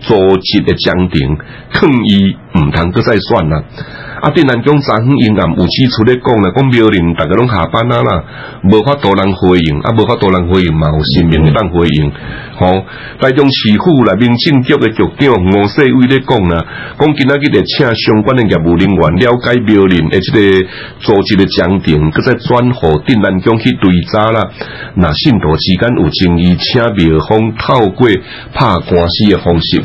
組織的章程，勸伊毋通擱再選啦！啊，鎮南宮昨昏因然有四處咧，講啦，講廟林逐個攏下班啦啦，無法度人回應啊，無法度人回應嘛，有市民冇人回應。吼、嗯哦。台中市府內面政局嘅局長吳世偉咧講啦，講今仔日着請相關嘅業務人員了解廟林誒即個組織嘅章程，擱再轉互鎮南宮去追查啦。那信徒之間有爭議，請廟方透過拍官司嘅方式。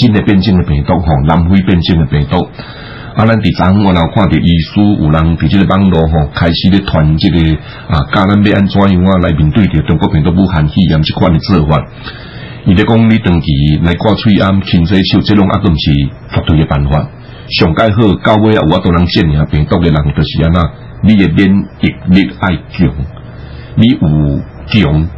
新的變種的病毒吼，南非變種的病毒，啊，咱佇昨昏我有看到醫書，有人佇這個網絡吼開始咧傳這個啊，教咱要按怎樣啊來面對着中國病毒武漢肺炎即款的做法。伊咧講，你長期來掛催安、清洗手，這種啊都是絕對嘅辦法。上屆好，到尾啊有啊多人建議病毒嘅人就是啊那，你的免疫力愛強，你有強。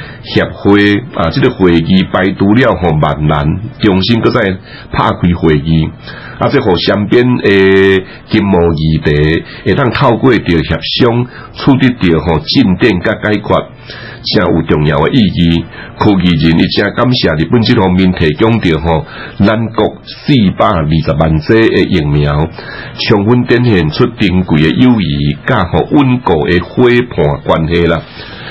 協會啊，即、這個會議排除了好萬難，重新擱再拍開會議，啊，即互和邊雙邊誒經貿議題，會通透過着協商，處理着嗬、哦，進展甲解決，真有重要嘅意義。科技人亦真感謝日本政方面提供着嗬、哦，咱國四百二十萬劑誒疫苗，充分展現出珍貴嘅友誼，甲嗬穩固嘅伙伴關係啦。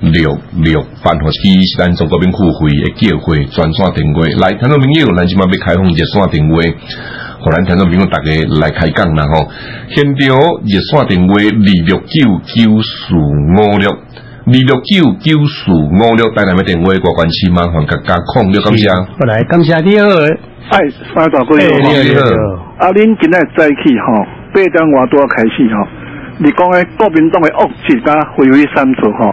六六飯和機是咱中國邊開會嘅聚會，全線電話。來聽眾朋友，咱今晚要開放熱線電話，好，咱聽眾朋友大家來開講啦吼！現在熱線電話二六九九四五六，二六九九四五六帶來咩電話？國關係麻煩大家控了，感謝。好來，感謝你誒，哎，三大哥，你好！啊，林今日再次吼，八點外多，多開始吼。你講嘅國民黨嘅惡習加回歸三俗吼。